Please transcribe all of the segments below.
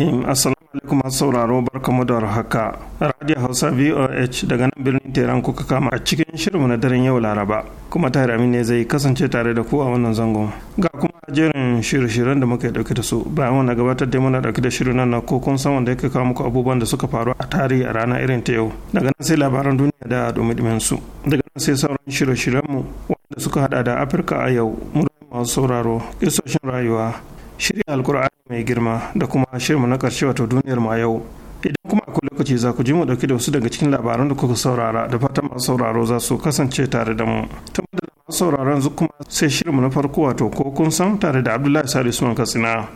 rahim assalamu alaikum masu sauraro barkamu da haka radio hausa voh daga nan birnin teran kuka kama a cikin shirinmu na daren yau laraba kuma tahir amin ne zai kasance tare da ku a wannan zangon ga kuma jerin shirye-shiryen da muka dauke da su bayan wannan gabatar da muna dauke da shirin na ko kun san wanda yake kawo muku abubuwan da suka faru a tarihi a rana irin ta yau daga nan sai labaran duniya da dumi su daga nan sai sauran shirye-shiryenmu wanda suka hada da afirka a yau masu sauraro kisoshin rayuwa shirya alkur'ani mai girma da kuma shirinmu na karshe wato duniyar ma yau idan kuma akwai lokaci za ku ji mu dauki da wasu daga cikin labaran da kuka saurara da fatan masu sauraro za su kasance tare da mu tun da masu sauraron yanzu kuma sai shirinmu na farko wato ko kun san tare da abdullahi sa'adu suman katsina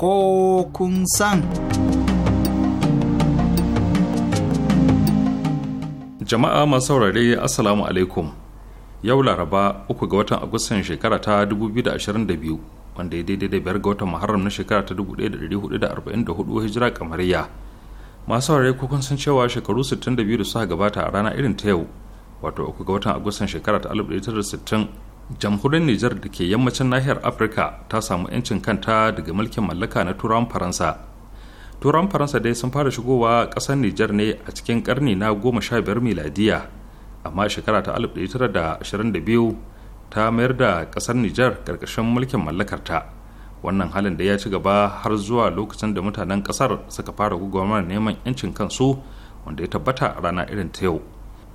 ko kun san jama'a masu saurare assalamu alaikum yau laraba 3 ga watan agustan shekara ta 2022 wanda ya daidai da biyar ga watan muharram na shekara ta 1444 hijira kamariya masu harai kun san cewa shekaru 62 da suka gabata a rana irin ta yau wato 3 ga watan agustan shekara ta 1960 jamhuriyar nijar da ke yammacin nahiyar afirka ta samu 'yancin kanta daga mulkin mallaka na turawan faransa turawan faransa dai sun fara shigowa kasar nijar ne a cikin karni na 15 miladiya amma shekara ta 1922 ta mayar da kasar nijar karkashin mulkin mallakarta wannan halin da ya ci gaba har zuwa lokacin da mutanen kasar suka fara gugumar neman 'yancin kansu wanda ya tabbata a rana irin ta yau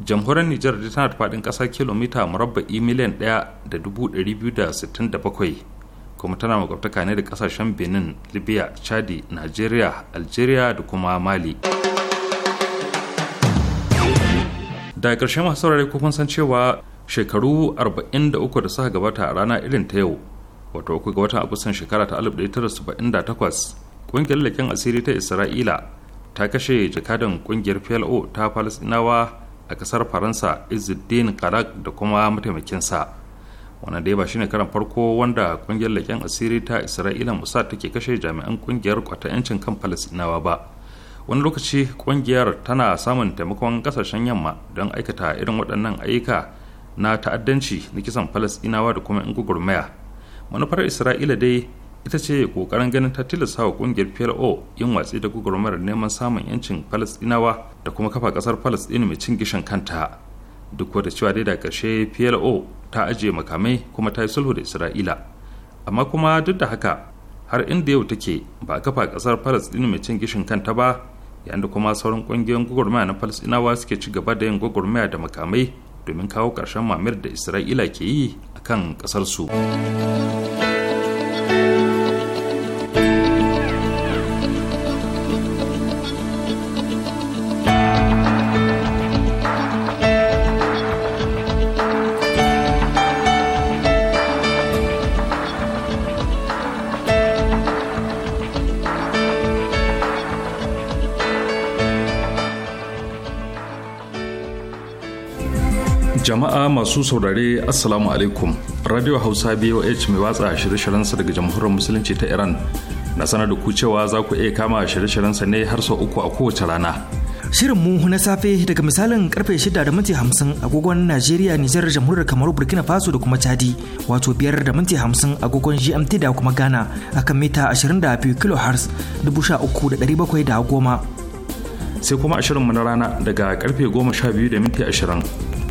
jamhuriyar nijar da tana da faɗin ƙasa kilomita murabba'i miliyan ɗaya da dubu kuma tana makwabtaka ne da ƙasashen benin libya chadi nigeria algeria da kuma mali. da ƙarshe masu saurare kun san cewa shekaru 43 da suka gabata a rana irin ta yau wato uku ga watan shekara ta 1978 ƙungiyar leƙen asiri ta isra'ila ta kashe jakadan ƙungiyar plo ta falasinawa a ƙasar faransa izuddin karak da kuma mataimakinsa wannan dai ba shi ne karan farko wanda ƙungiyar leƙen asiri ta isra'ila musa take kashe jami'an ƙungiyar kwata 'yancin kan falasinawa ba wani lokaci kungiyar tana samun taimakon kasashen yamma don aikata irin waɗannan ayyuka na ta'addanci na kisan falasɗinawa da kuma 'yan gugurmaya manufar isra'ila dai ita ce kokarin ganin ta tilasta wa kungiyar plo yin watsi da gugurmar neman samun yancin falasɗinawa da kuma kafa kasar falasɗin mai cin gishin kanta duk da cewa dai da ƙarshe plo ta ajiye makamai kuma ta yi sulhu da isra'ila amma kuma duk da haka har inda yau take ba a kafa kasar falasɗin mai cin gishin kanta ba yayin kuma sauran kungiyoyin gwagwarmaya na falasinawa suke ci gaba da yin gwagwarmaya da makamai domin kawo ƙarshen mamir da isra'ila ke yi a kan ƙasarsu masu saurare assalamu alaikum radio hausa boh mai watsa shirye-shiryensa daga jamhuriyar musulunci ta iran na sanar da ku cewa za ku iya kama shirye-shiryensa ne har sau uku a kowace rana shirin mu na safe daga misalin karfe 6 da minti 50 agogon najeriya nijar jamhuriyar kamar burkina faso da kuma chadi wato biyar da minti 50 agogon gmt da kuma ghana akan mita 22 kilohertz 13710 sai kuma a mu na rana daga karfe goma 12 da minti 20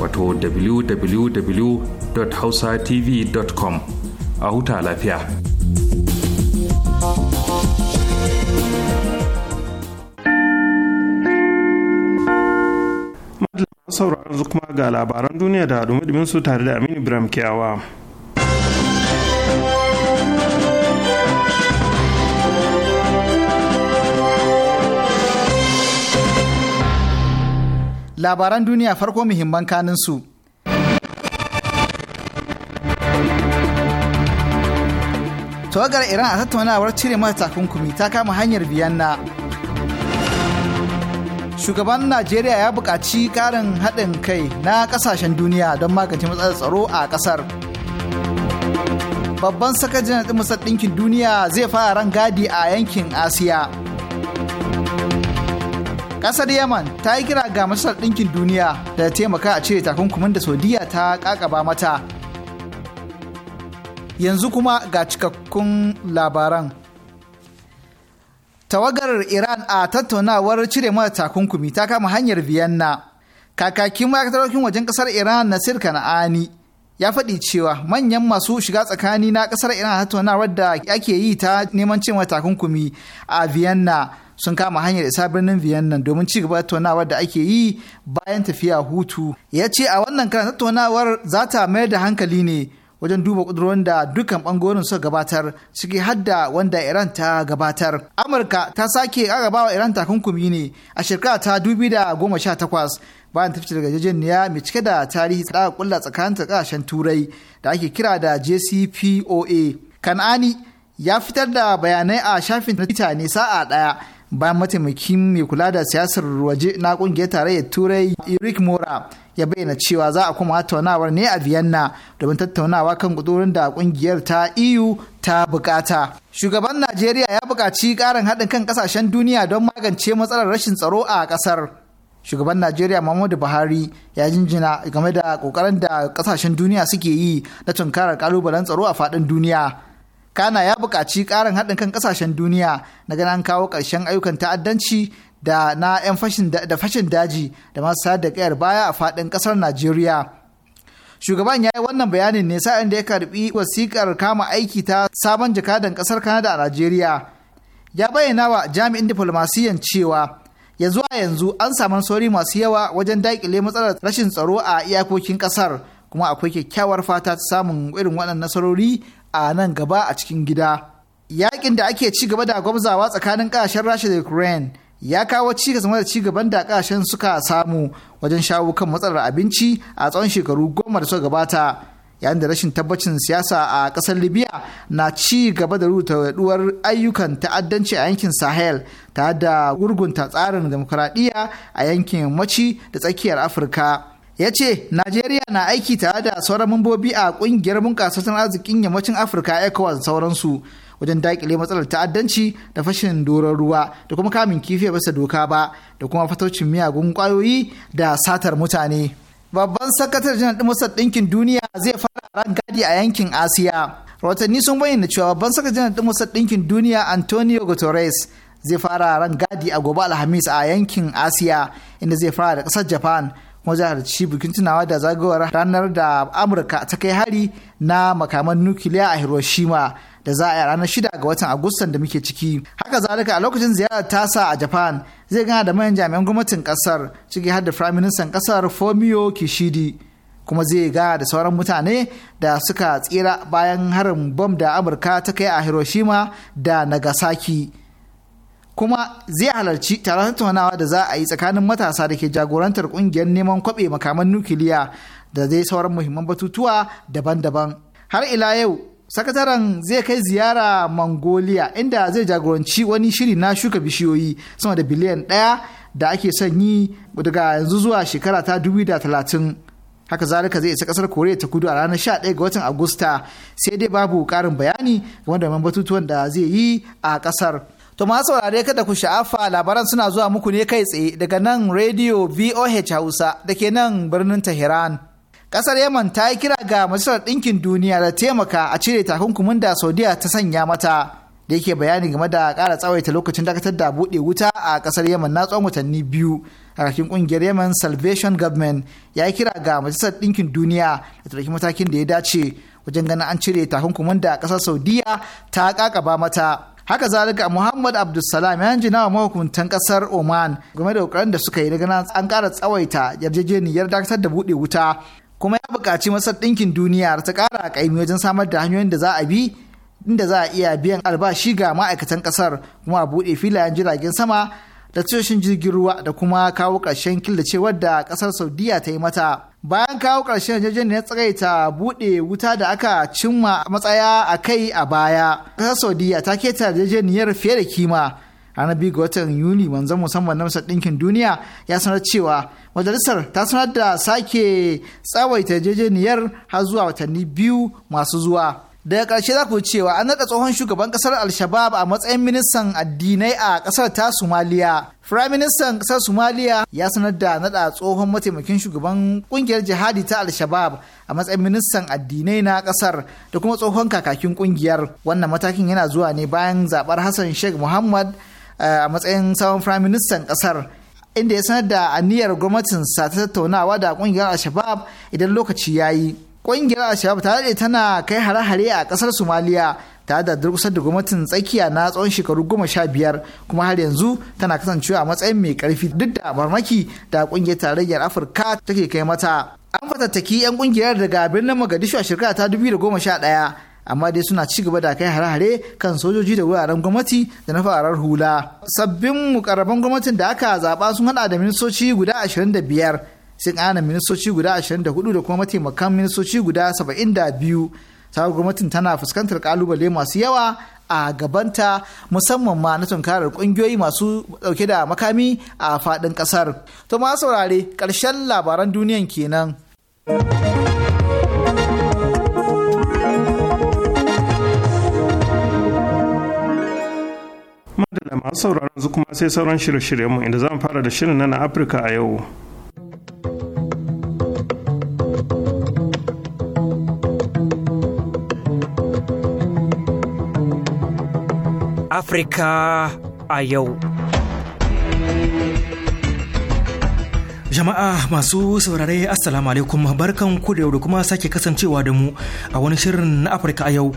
wato www.hausatv.com a huta lafiya. Madalla sauraron kuma ga labaran duniya da dumi su tare da Aminu Ibrahim Kiyawa. labaran duniya farko muhimman kanin su. Tawagar Iran a tattaunawar cire mata takunkumi ta kama hanyar Biyanna. Shugaban Najeriya ya buƙaci ƙarin haɗin kai na ƙasashen duniya don magance matsalar tsaro a ƙasar. Babban sakajin Majalisar Ɗinkin Duniya zai fara ran gadi a yankin Asiya. kasar yaman ta yi kira ga masar ɗinkin duniya da taimaka a cire takunkumin da saudiya ta kakaba mata yanzu kuma ga cikakkun labaran tawagar iran a tattaunawar cire mata takunkumi ta kama hanyar vienna kakakin ma'aikatarokin wajen ƙasar iran na sirka na ani ya faɗi cewa manyan masu shiga tsakani na ƙasar iran a tattaunawar da ake yi ta neman cewa takunkumi a vienna sun kama hanyar isa birnin vienna domin ci gaba tattaunawar da ake yi bayan tafiya hutu ya ce a wannan karan tattaunawar za ta mayar da hankali ne wajen duba kudurorin da dukkan bangoren suka gabatar ciki da wanda iran ta gabatar amurka ta sake wa iran takunkumi ne a shekara ta takwas bayan tafi daga jejeniya mai cike da tarihi da kulla tsakanin kasashen turai da ake kira da jcpoa kan'ani ya fitar da bayanai a shafin twitter ne sa'a daya bayan mataimakin mai kula da siyasar waje na kungiyar tarayyar turai eric mora ya bayyana cewa za a kuma tattaunawar ne a vienna domin tattaunawa kan kudurin da kungiyar ta eu ta bukata shugaban najeriya ya buƙaci ƙarin haɗin kan ƙasashen duniya don magance matsalar rashin tsaro a ƙasar shugaban najeriya muhammadu buhari ya jinjina game da ƙoƙarin da ƙasashen duniya suke yi na tunkarar ƙalubalen tsaro a faɗin duniya kana ya buƙaci ƙarin haɗin kan ƙasashen duniya na ganin kawo ƙarshen ayyukan ta'addanci da na 'yan fashin daji da masu sayar da ƙayar baya a faɗin ƙasar najeriya shugaban ya yi wannan bayanin ne sa'in da ya karbi wasikar kama aiki ta sabon jakadan ƙasar kanada a najeriya ya bayyana wa jami'in diflomasiyan cewa ya zuwa yanzu an samu sauri masu yawa wajen daƙile matsalar rashin tsaro a iyakokin ƙasar kuma akwai kyakkyawar fata ta samun irin waɗannan nasarori a nan gaba a cikin gida. yaƙin da ake ci gaba da gwamzawa tsakanin ƙasashen Rasha da Ukraine ya kawo cikas da ci gaban da ƙasashen suka samu wajen shawo kan matsalar abinci a tsawon shekaru goma da suka gabata. yayin da rashin tabbacin siyasa a ƙasar libya na ci gaba da rubuta yaduwar ayyukan ta'addanci a yankin sahel ta da gurgunta tsarin demokuraɗiyya a yankin yammaci da tsakiyar afirka ya ce najeriya na aiki tare da sauran mambobi a kungiyar bunƙasa arzikin yammacin afirka ecowas da sauransu wajen daƙile matsalar ta'addanci da fashin doron ruwa da kuma kamin kifi bisa doka ba da kuma fataucin miyagun ƙwayoyi da satar mutane babban sakatar janar masar ɗinkin duniya zai fara ran gadi a yankin asiya rahotanni sun bayyana cewa babban sakatar janar masar ɗinkin duniya antonio guterres zai fara ran gadi a gobe alhamis a yankin asiya inda zai fara da ƙasar japan kuma za a ci bikin tunawa da zagawar ranar da amurka ta kai hari na makaman nukiliya a hiroshima da za a yi ranar shida ga watan agustan da muke ciki haka zalika a lokacin ziyarar tasa a japan zai gana da manyan jami'an gwamnatin kasar ciki har da firaministan kasar fomio kishidi kuma zai ga da sauran mutane da suka tsira bayan harin bom da amurka ta kai a hiroshima da nagasaki kuma zai halarci taron tattaunawa da za a yi tsakanin matasa da ke jagorantar kungiyar neman kwabe makaman nukiliya da zai sauran muhimman batutuwa daban-daban har ila yau sakataren zai kai ziyara mongolia inda zai jagoranci wani shiri na shuka bishiyoyi sama da biliyan ɗaya da ake son yi daga yanzu zuwa shekara ta talatin. haka zalika zai isa kasar koriya ta kudu a ranar 11 ga watan agusta sai dai babu karin bayani game da batutuwan da zai yi a kasar To masu saurare kada ku sha'afa labaran suna zuwa muku ne kai tsaye daga nan Radio VOH Hausa da ke nan birnin Tehran. Kasar Yaman ta yi kira ga Majalisar Ɗinkin Duniya da taimaka a cire takunkumin da Saudiya ta sanya mata da yake bayani game da ƙara tsawaita lokacin dakatar da buɗe wuta a kasar Yaman na tsawon watanni biyu. Harkin ƙungiyar Yaman Salvation Government ya yi kira ga Majalisar Ɗinkin Duniya da ta matakin da ya dace wajen ganin an cire takunkumin da ƙasar Saudiya ta ƙaƙaba mata. haka zalika muhammad abdulsalam ya jina wa mahukuntan kasar oman game da kokarin da suka yi daga nan an kara tsawaita yarjejeniyar dakatar da bude wuta kuma ya buƙaci masar ɗinkin duniya ta ƙara ƙaimi wajen samar da hanyoyin da za a bi inda za a iya biyan albashi ga ma'aikatan ƙasar kuma a buɗe filayen jiragen sama da tashoshin jirgin ruwa da kuma kawo ƙarshen killacewar da ƙasar saudiya ta yi mata bayan kawo ƙarshen yarjejeniyar tsagaita buɗe wuta da aka cimma matsaya a kai a baya ƙasar saudiya ta keta yarjejeniyar fiye da kima ranar biyu ga watan yuni manzon musamman na masar ɗinkin duniya ya sanar cewa majalisar ta sanar da sake tsawaita yarjejeniyar har zuwa watanni biyu masu zuwa daga ƙarshe za ku cewa an naɗa tsohon shugaban ƙasar al-shabab a matsayin ministan addinai a ƙasar ta somaliya firayim ministan ƙasar somaliya ya sanar da naɗa tsohon mataimakin shugaban ƙungiyar jihadi ta al-shabab a matsayin ministan addinai na ƙasar da kuma tsohon kakakin ƙungiyar wannan matakin yana zuwa ne bayan zaɓar hassan sheikh muhammad eh, a matsayin sabon firayim ministan ƙasar inda ya sanar da aniyar gwamnatinsa ta tattaunawa da ƙungiyar al-shabab idan lokaci ya yi ƙungiyar al ta daɗe tana kai hare-hare a ƙasar somaliya ta da kusa da gwamnatin tsakiya na tsawon shekaru goma sha biyar kuma har yanzu tana kasancewa a matsayin mai karfi duk da marmaki da kungiyar tarayyar afirka take kai mata an fatattaki yan kungiyar daga birnin magadishu a shekara ta sha ɗaya amma dai suna ci gaba da kai hare-hare kan sojoji da wuraren gwamnati da na farar hula sabbin mukarraban gwamnatin da aka zaba sun haɗa da ministoci guda ashirin da biyar. sun ana ministoci guda 24 da kuma mataimakan ministoci guda 72 sabon gwamnatin tana fuskantar kalubale masu yawa a gabanta musamman ma na tunkarar kungiyoyi masu dauke da makami a fadin kasar to ma saurare karshen labaran duniyan kenan madalla masu sauraron su kuma sai sauran shirye-shiryenmu inda za mu fara da shirin na afirka a yau Afirka a yau. Jama'a masu saurare Assalamu alaikum barkan ku da yau da kuma sake kasancewa da mu a wani shirin na Afirka a yau.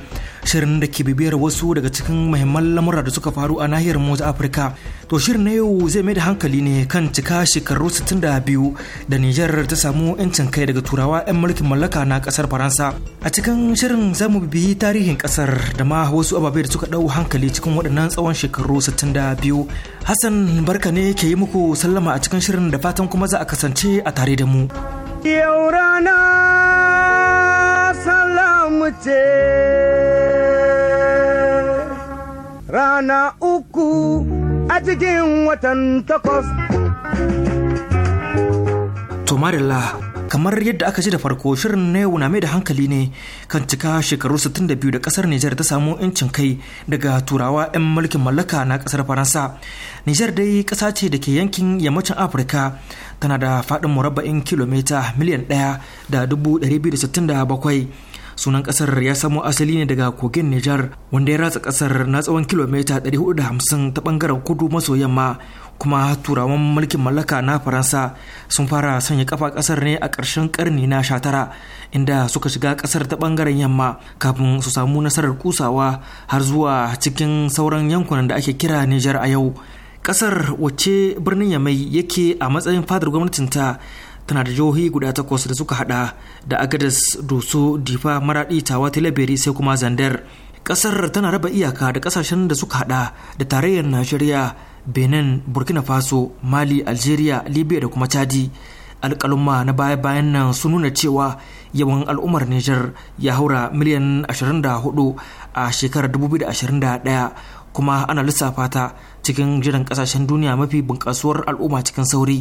shirin da ke bibiyar wasu daga cikin muhimman lamura da suka faru a nahiyar moza Afirka. To shirin na yau zai mai da hankali ne kan cika shekaru 62 da Nijar ta samu 'yancin kai daga turawa 'yan mulkin mallaka na kasar Faransa. A cikin shirin za mu bibiyi tarihin kasar da ma wasu ababe da suka ɗau hankali cikin waɗannan tsawon shekaru 62. Hassan barka ne ke yi muku sallama a cikin shirin da fatan kuma za a kasance a tare da mu. Yau rana salamu ce. kwana uku a cikin watan takwas. Tomarilla kamar yadda aka ji da farko shirin na yau na mai da hankali ne kan cika shekaru 62 da kasar Nijar ta samu incin kai daga turawa 'yan mulkin mallaka na kasar Faransa. Nijar dai kasa ce da ke yankin yammacin Afirka tana da faɗin murabba'in kilomita miliyan 1 da 267 sunan kasar ya samo asali ne daga kogin Nijar wanda ya ratsa kasar na tsawon kilomita 450 ta bangaren kudu maso yamma kuma turawan mulkin mallaka na faransa sun fara sanya kafa kasar ne a ƙarshen karni na shatara inda suka shiga kasar ta bangaren yamma kafin su samu nasarar kusawa har zuwa cikin sauran yankunan da ake kira Nijar a yau kasar wacce birnin yamai yake a matsayin fadar gwamnatinta tana da jihohi guda takwas da suka hada da agadas doso difa maradi tawa talabiri sai kuma zandar kasar tana raba iyaka da kasashen da suka hada da tarayyar najeriya benin burkina faso mali algeria libya da kuma chadi alkalumma na baya-bayan nan sun nuna cewa yawan al'ummar niger ya haura miliyan 24 a shekarar 2021 kuma ana lissafa ta cikin jiran kasashen duniya mafi bunkasuwar al'umma cikin sauri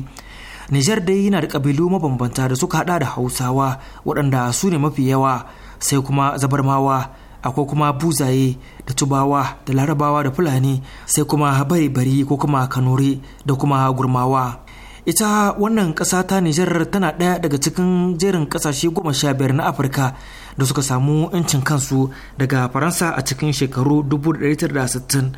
Nijar dai yana da kabilu mabambanta da suka hada da Hausawa waɗanda su ne mafi yawa sai kuma zabarmawa akwai kuma buzaye da tubawa da larabawa da fulani sai kuma bari-bari ko kuma kanuri da kuma gurmawa. Ita wannan ƙasa ta Nijar tana ɗaya daga cikin jerin ƙasashe goma sha biyar na Afirka da suka samu 'yancin kansu daga Faransa a cikin shekaru 1960.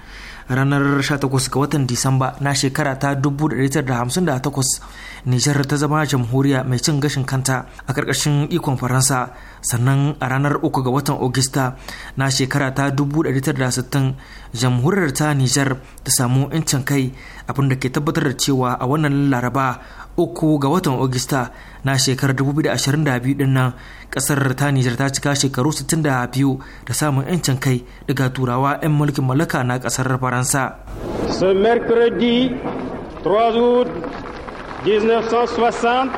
ranar 18 ga watan Disamba na shekara ta 1958 Nijar ta zama jamhuriya mai cin gashin kanta a ƙarƙashin ikon Faransa sannan a ranar 3 ga watan Ogista na shekara ta 1960 jamhuriyar ta Nijar ta samu incin kai abinda ke tabbatar da cewa a wannan laraba 3 ga watan Ogista na shekarar 2022 din nan ƙasar ta Nijar ta cika shekaru 62 da samun incin kai daga turawa 'yan mulkin mallaka na ƙasar Faransa. 3 août 1960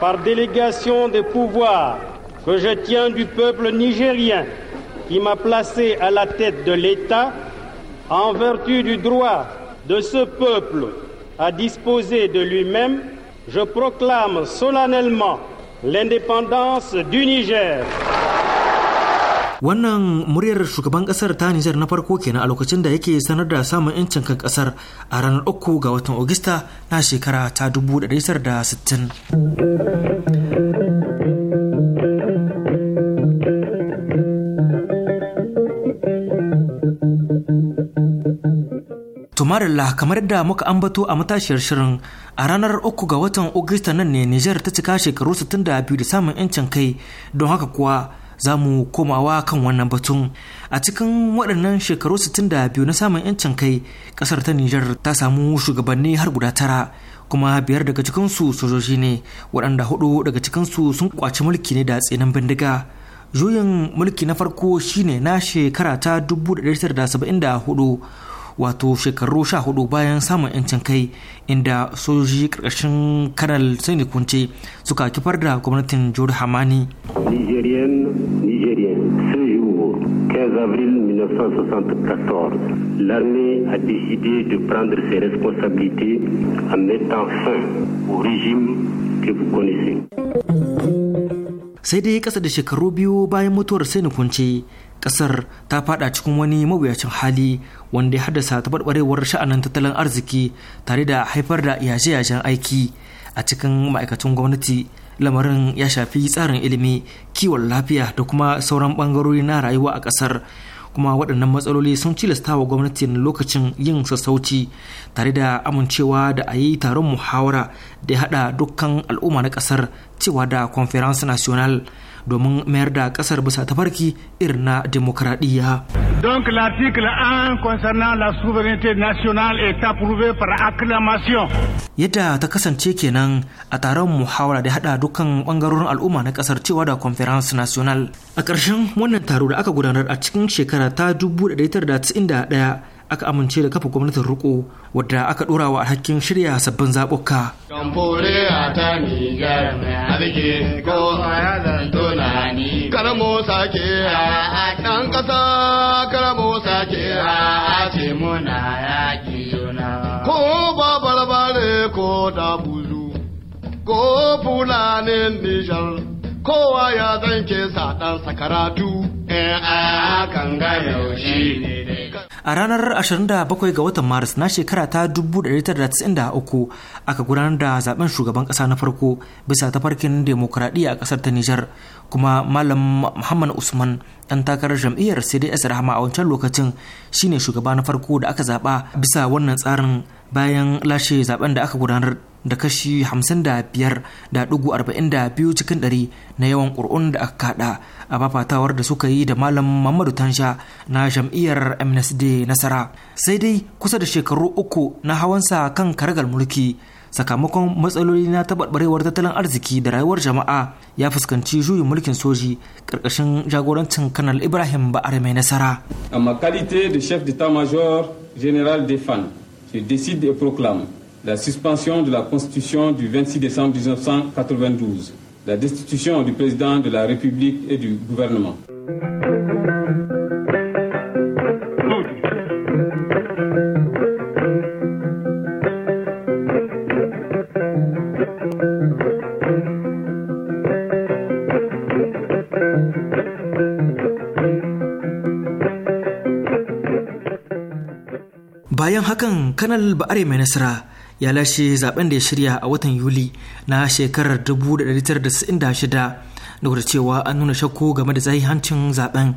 par délégation des pouvoirs que je tiens du peuple nigérien qui m'a placé à la tête de l'État en vertu du droit de ce peuple à disposer de lui-même, je proclame solennellement l'indépendance du Niger. wannan muryar shugaban kasar ta nijar na farko kenan a lokacin da yake sanar da samun 'yancin kan kasar a ranar 3 ga watan ogista na shekara ta 1960 Tumarilla kamar da muka ambato a matashiyar shirin a ranar 3 ga watan Ogista nan ne Nijar ta cika shekaru 62 da samun 'yancin kai don haka kuwa za mu komawa kan wannan batun a cikin waɗannan shekaru 62 na samun 'yancin kai ƙasar ta Nijar ta samu shugabanni har guda tara kuma biyar daga cikinsu sojoji ne waɗanda hudu daga cikinsu sun kwaci mulki ne da tsinin bindiga juyin mulki na farko shine na shekara ta 1974 wato shekaru sha hudu bayan samun 'yancin kai inda sojoji karkashin kanal sani kunce suka kifar da gwamnatin jihar hamani nigerian nigerian ce avril 1974, l'armée a décidé de prendre ses responsabilités en mettant fin au régime que vous connaissez. sai dai kasa da shekaru biyu bayan mutuwar sai kunce kasar ta fada cikin wani mawuyacin hali wanda ya haddasa tabarbarewar sha'anin tattalin arziki tare da haifar da yaje-yajen aiki a cikin ma'aikatan gwamnati lamarin ya shafi tsarin ilimi kiwon lafiya da kuma sauran bangarori na rayuwa a kasar kuma waɗannan matsaloli sun cilasta wa gwamnatin lokacin yin sassauci tare da amincewa da a yi taron muhawara da ya haɗa dukkan al'umma na ƙasar cewa da conference national domin mayar da kasar bisa tafarki irin na demokradiyya. Donc l'article 1 concernant la souveraineté nationale est approuvé par acclamation. Yadda ta kasance kenan a taron muhawara da hada dukkan bangarorin al'umma na kasar cewa da conference national. A ƙarshen wannan taro da aka gudanar a cikin shekara ta 1991 aka amince da kafa gwamnatin riko wadda aka dora wa alhakin shirya sabbin zaɓuka. Kamfore a ta Nijar mai ko a yanar tunani. Karamo sake a ɗan ƙasa karamo sake a ce muna yaƙi juna. Ko ba barbare ko da buzu ko fulanin Nijar. kowa ya zance sa ɗansa karatu a ranar 27 ga watan maris na shekara ta 1993 aka gudanar da zaben shugaban kasa na farko bisa ta tafarkin demokradiyya a kasar ta nijar kuma malam muhammad usman dan takarar jam'iyyar cds rahama a wancan lokacin shine shugaba na farko da aka zaba bisa wannan tsarin bayan lashe zaben da aka gudanar da kashi 55.42 cikin ɗari na yawan ƙuri'un da aka kada a fafatawar da suka yi da malam Muhammadu Tansha na jam'iyyar MNSD nasara sai dai kusa da shekaru uku na hawansa kan karagar mulki sakamakon matsaloli na taɓarɓarewar tattalin arziki da rayuwar jama'a ya fuskanci juyin mulkin soji ƙarƙashin jagorancin kanal ibrahim ba'ar mai nasara a makalite da chef d'état major general defan Il décide et proclame la suspension de la Constitution du 26 décembre 1992, la destitution du président de la République et du gouvernement. kanal ba'are mai nasara ya lashe zaben da ya shirya a watan yuli na shekarar 1996 da cewa an nuna shakku game da hancin zaben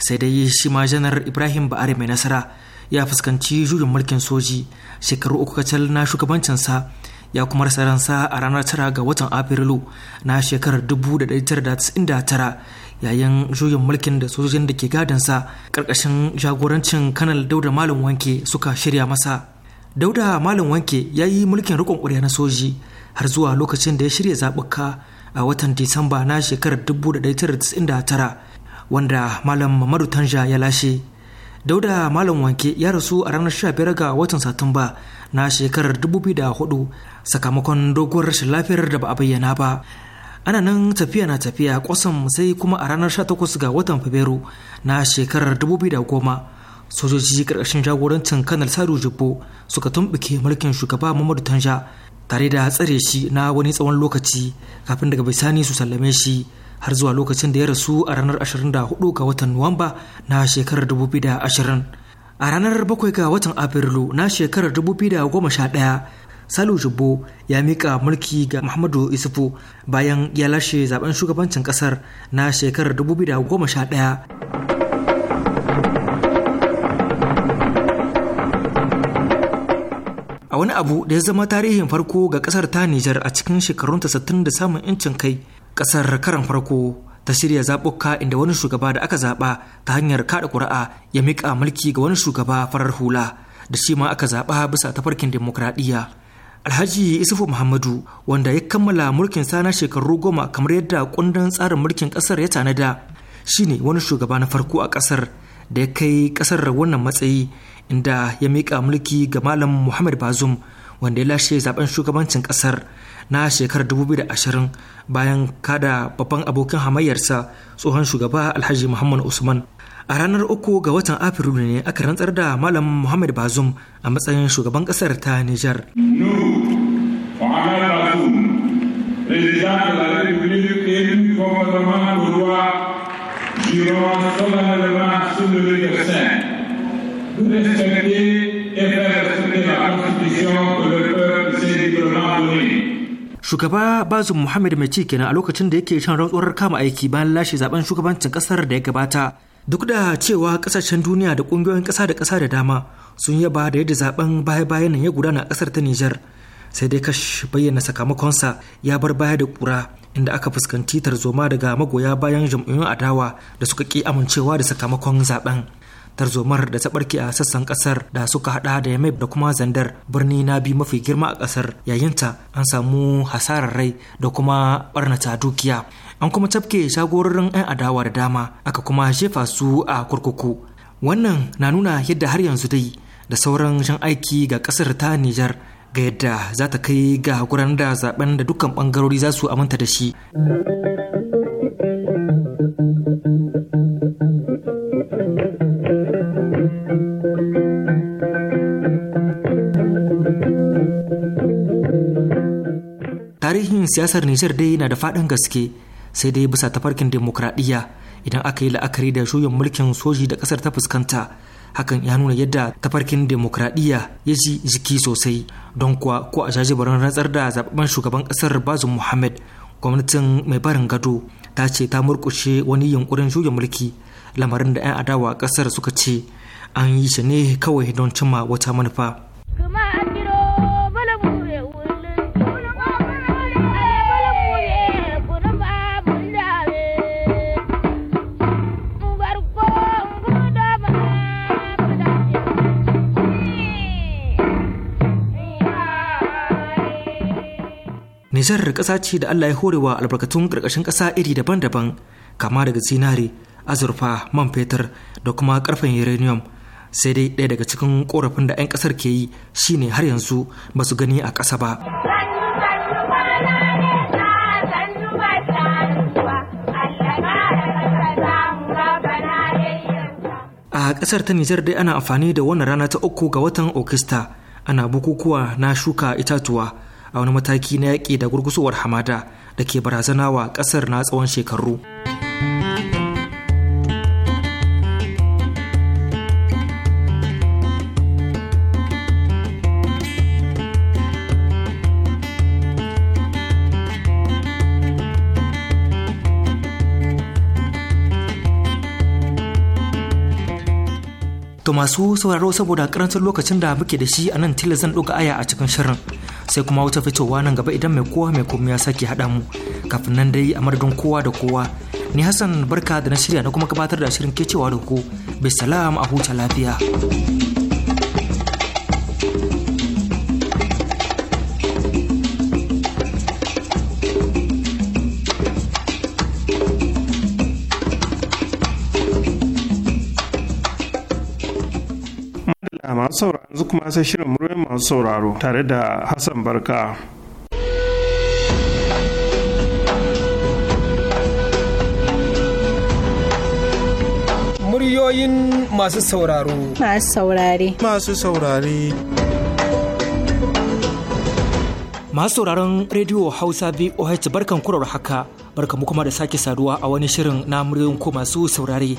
sai dai shi ma janar ibrahim ba'are mai nasara ya fuskanci juyin mulkin soji shekaru uku kacal na shugabancinsa ya kuma rasa ransa a ranar tara ga watan afrilu na shekarar 1999 yayin juyin mulkin da sojojin da ke gadansa karkashin jagorancin kanal dauda malam wanke suka shirya masa dauda malam wanke ya yi mulkin rikon ƙwarya na soji har zuwa lokacin da ya shirya zaɓuka a watan disamba na shekarar 1999 wanda malam mamadu tanja ya lashe dauda malam wanke ya rasu a ranar 15 ga watan satumba na shekarar 2004 sakamakon doguwar rashin lafiyar da ba a bayyana ba ana nan tafiya na tafiya kwasan sai kuma a ranar 18 ga watan fabrairu na shekarar 2010 sojoji karkashin jagorancin kanar saru jubbo suka tumbuke mulkin shugaba mamadu tanja tare da tsare shi na wani tsawon lokaci kafin daga bisani su sallame shi har zuwa lokacin da ya rasu a ranar 24 ga watan nuwamba na shekarar 2020 a ranar 7 ga watan afrilu na shekarar 2011 salu jubbo ya mika mulki ga muhammadu isufu bayan ya lashe zaben shugabancin kasar na shekarar 2011 wani abu da ya zama tarihin farko ga kasar ta Nijar a cikin shekarun ta da samun incin kai kasar karan farko ta shirya zaɓuka inda wani shugaba da aka zaɓa ta hanyar kaɗa ƙuri'a ya miƙa mulki ga wani shugaba farar hula da shi ma aka zaɓa bisa ta farkin demokradiyya alhaji isufu muhammadu wanda ya kammala mulkin sana shekaru goma kamar yadda kundin tsarin mulkin ƙasar ya tanada shine wani shugaba na farko a ƙasar da ya kai ƙasar wannan matsayi inda ya miƙa mulki ga malam muhammad bazum wanda ya lashe zaben shugabancin kasar na shekarar 2020 bayan kada babban abokin hamayyarsa tsohon shugaba alhaji muhammad usman a ranar uku ga watan afrilu ne aka rantsar da malam muhammad bazum a matsayin shugaban kasar ta niger Je rends cela le marche de Shugaba Bazum Muhammad mai ci kenan a lokacin da yake shan rantsuwar kama aiki bayan lashe zaben shugabancin kasar da ya gabata. Duk da cewa kasashen duniya da kungiyoyin kasa da kasa da dama sun yaba da yadda zaben baya-bayan nan ya gudana a kasar ta Nijar. Sai dai kash bayyana sakamakonsa ya bar baya da kura inda aka fuskanci tarzoma daga magoya bayan jam'iyyun adawa da suka ki amincewa da sakamakon zaben. tarzomar da ta barke a sassan kasar da suka hada da yamai da kuma zandar birni na biyu mafi girma a kasar yayinta an samu hasarar rai da kuma barnata dukiya an kuma tafke shagororin 'yan adawa da dama aka kuma shefa su a kurkuku wannan na nuna yadda har yanzu dai da sauran shan aiki ga kasar ta nijar ga yadda za ta kai ga gudanar da zaben da dukkan bangarori za su aminta da shi siyasar Nijar dai na da faɗin gaske sai dai bisa tafarkin demokradiyya idan aka yi la'akari da juyin mulkin soji da ƙasar ta fuskanta hakan ya nuna yadda tafarkin demokradiyya ya ji jiki sosai don kuwa ko a jajibarin rantsar da zababben shugaban ƙasar bazu muhammad gwamnatin mai barin gado ta ce ta murƙushe wani yunkurin juya mulki lamarin da 'yan adawa ƙasar suka ce an yi shi ne kawai don cimma wata manufa Nijar ƙasa ce da Allah ya wa albarkatun ƙarƙashin ƙasa iri daban-daban kama daga zinari azurfa, man fetur da kuma ƙarfen uranium. Sai dai ɗaya daga cikin ƙorafin da 'yan ƙasar ke yi shine har yanzu ba su gani a ƙasa ba. A ƙasar ta Nijar dai ana amfani da wannan rana ta uku ga watan Okista ana bukukuwa na shuka itatuwa. a wani mataki na yaƙi da gurgusowar hamada da ke barazana wa ƙasar na tsawon shekaru. To masu sauraro saboda karancin lokacin da muke da shi a nan tilas zan aya a cikin shirin sai kuma wata fitowa nan gaba idan mai kowa mai komai ya sake haɗa mu kafin nan dai a madadin kowa da kowa ni hassan barka da na shirya na kuma gabatar da shirin kecewa da ku bisalam a huta lafiya. masu sauraro yanzu kuma sai shirin muryoyin masu sauraro tare da Hassan Barka. Muryoyin masu sauraro. Masu saurare. Masu saurare. Masu sauraron rediyo Hausa VOH barkan kurar haka barkan mu kuma da sake saduwa a wani shirin na muryoyin ko masu saurare.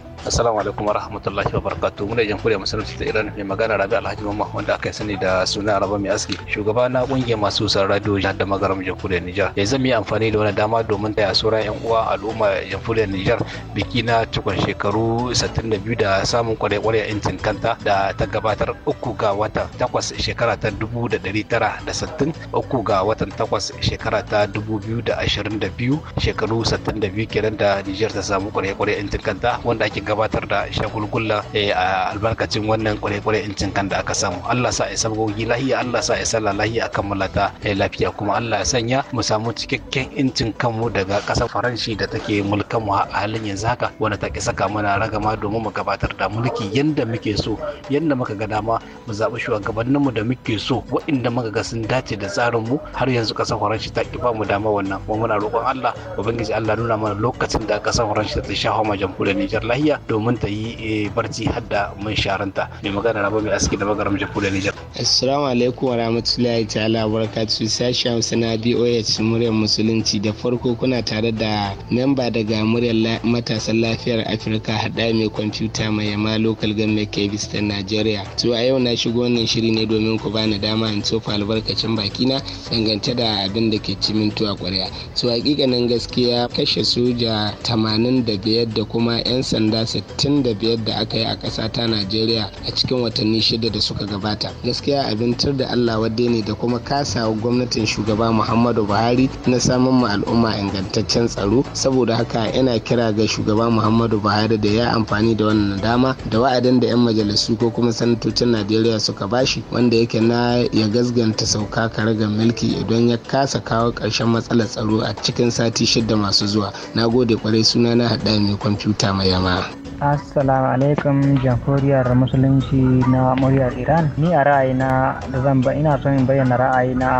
Assalamu alaikum wa rahmatullahi wa barakatuh. Muna jamhuriyar masarauci ta Iran mai magana Rabi Alhaji Muhammad, wanda aka sani da suna Rabi Mai Aski. Shugaba na kungiyar masu san radio jihar da magaram jamhuriyar Nijar. Ya zama yi amfani da wani dama domin taya sura yan uwa al'umma jamhuriyar Nijar biki na cikon shekaru 62 da samun kwarai-kwarai intin kanta da ta gabatar uku ga watan takwas shekara ta 1960 uku ga watan takwas shekara ta 2022 shekaru 62 kenan da Nijar ta samu kwarai-kwarai intin kanta wanda ake gabatar da shagulgula eh, a albarkacin wannan kwarai-kwarai incin kan da aka samu Allah sa ya gogi lahiya Allah sa ya sallah lahiya akan mulata eh, lafiya kuma Allah ya sanya mu samu cikakken incin kanmu daga ƙasar Faranshi da take mulkan mu a halin yanzu haka wanda ta ki saka mana ragama domin mu gabatar da mulki yanda muke so yanda muka ga dama mu zaɓi shugabanninmu da muke so waɗanda muka ga sun dace da tsarin mu har yanzu ƙasar Faranshi ta ƙi ba mu dama wannan kuma muna roƙon Allah ubangiji Allah nuna mana lokacin da ƙasar Faranshi ta shafa ma Nijar lahiya domin ta yi eh, barci har da man sharanta mai magana na mai aski da magaram jamhuriyar Nijar. Assalamu alaikum wa rahmatullahi ta'ala wa barakatuhu sashi Hausa na BOH muryar musulunci da farko kuna tare da memba daga muryar matasan lafiyar Afirka hada mai kwamfuta mai yama local government kebis ta Najeriya. To a yau na shigo wannan shiri ne domin ku bani dama in tofa albarkacin bakina dangance da abin da ke cimin tuwa kwarya. To hakikanin gaskiya kashe soja 85 da kuma 'yan sanda 65 da aka yi a ƙasa ta najeriya a cikin watanni shida da suka gabata gaskiya abintar da allah wadde ne da kuma kasawa gwamnatin shugaba muhammadu buhari na samun ma al'umma ingantaccen tsaro saboda haka yana kira ga shugaba muhammadu buhari da ya amfani da wannan dama da wa'adin da 'yan majalisu ko kuma sanatocin najeriya suka bashi wanda yake na ya gazganta sauka karagar mulki idan ya kasa kawo karshen matsalar tsaro a cikin sati shida masu zuwa na gode kwarai suna na haɗa mai kwamfuta mai yama Assalamu alaikum jamhuriyar musulunci na muryar Iran. Ni a ra'ayina da zan ba ina son in bayyana ra'ayina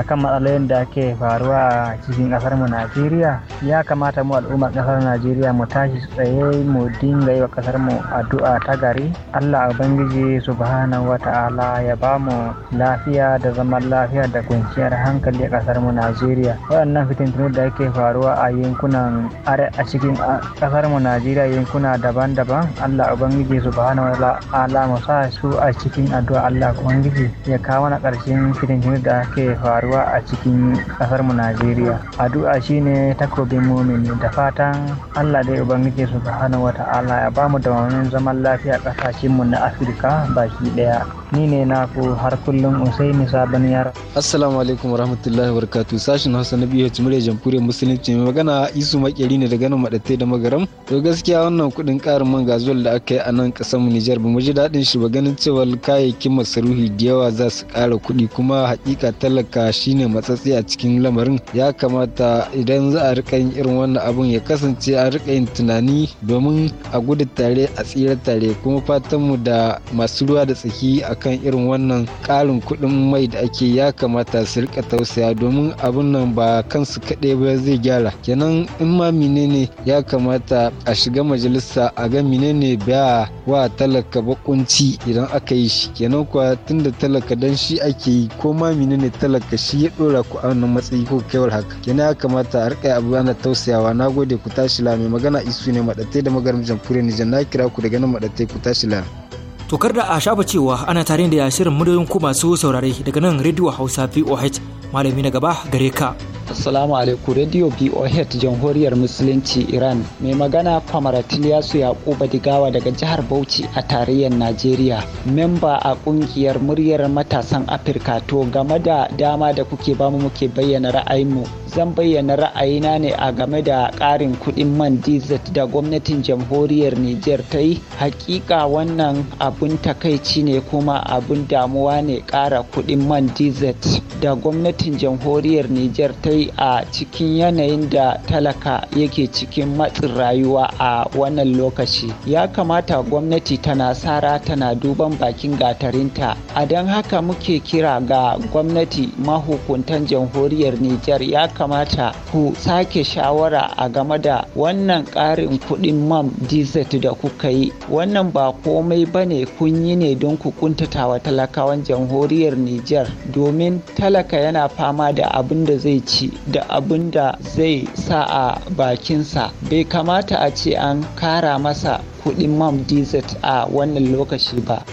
kan matsalolin da ke faruwa a cikin kasar mu Najeriya. Ya kamata mu al'ummar kasar Najeriya mu tashi tsaye mu dinga yi wa kasar mu addu'a ta gari. Allah Ubangiji subhanahu wa ta'ala ya ba mu lafiya da zaman lafiya da kwanciyar hankali a kasar mu Najeriya. Waɗannan fitintunu da ake faruwa a yankunan a cikin kasar mu Najeriya yankuna daban-daban Allah ubangiji subhanahu wa ta'ala mu musa su a cikin addu'a Allah ubangiji ya kawo mana ƙarshen shirin da ke faruwa a cikin ƙasarmu mu Najeriya addu'a shine takobin mumini da fatan Allah dai ubangiji subhanahu wata'ala ta'ala ya bamu da zaman lafiya ƙasashen mu na Afirka baki ɗaya. ni ne naku har kullum usaini sabon yara assalamu alaikum warahmatullahi wabarakatuh sashin hausa na biyu murya jamhuriyar musulunci mai magana isu makeri ne daga nan madatai da magaram to gaskiya wannan kuɗin karin man gazuwal da aka yi a nan kasar Nijar ba mu ji daɗin shi ba ganin cewa kayayyakin masarufi da yawa za su ƙara kuɗi kuma hakika talaka shine matsatsi a cikin lamarin ya kamata idan za a rika yin irin wannan abun ya kasance a rika yin tunani domin a gudu tare a tsira tare kuma fatanmu da masu ruwa da tsaki a kan irin wannan ƙarin kuɗin mai da ake ya kamata su rika tausaya domin abin nan ba kansu kaɗai ba zai gyara kenan in ma menene ya kamata a shiga majalisa a ga menene ba wa talaka bakunci idan aka yi shi kenan kuwa tunda talaka dan shi ake yi ko ma menene talaka shi ya ɗora ku a wannan matsayi ko kewar haka kenan ya kamata a rika abu ana tausayawa na gode ku tashi la mai magana isu ne maɗatai da magarin jamhuriyar nijar na kira ku daga nan maɗatai ku tashi la. To da a shafa cewa ana tare da shirin muryoyin ku masu saurare daga nan rediyo Hausa VOH malami na gaba gare ka. Assalamu alaikum Radio BOHET Jamhuriyar Musulunci Iran. Mai magana Kwamaratiliyasu Yakuba Digawa daga jihar Bauchi a tarayyar Najeriya. Memba a kungiyar muryar matasan Afirka to game da dama da kuke bamu muke bayyana ra'ayinmu. Zan bayyana ra'ayina ne a game da ƙarin kuɗin man dizet da gwamnatin jamhuriyar Nijar ta yi. Hakika wannan abun takaici ne kuma abun damuwa ne ƙara kuɗin man dizet da gwamnatin jamhuriyar Nijar ta yi dai a cikin yanayin da talaka yake cikin matsin rayuwa a wannan lokaci ya kamata gwamnati tana sara tana duban bakin gatarinta a don haka muke kira ga gwamnati mahukuntan jamhuriyar nijar ya kamata ku sake shawara a game da wannan ƙarin kuɗin mam dizet da kuka yi wannan ba komai ba ne kun yi ne don ku kuntata wa talakawan jamhuriyar nijar domin talaka yana fama da abin da zai ci da abin da zai sa a bakinsa bai kamata a ce an kara masa kuɗin mam dizet a wannan lokaci ba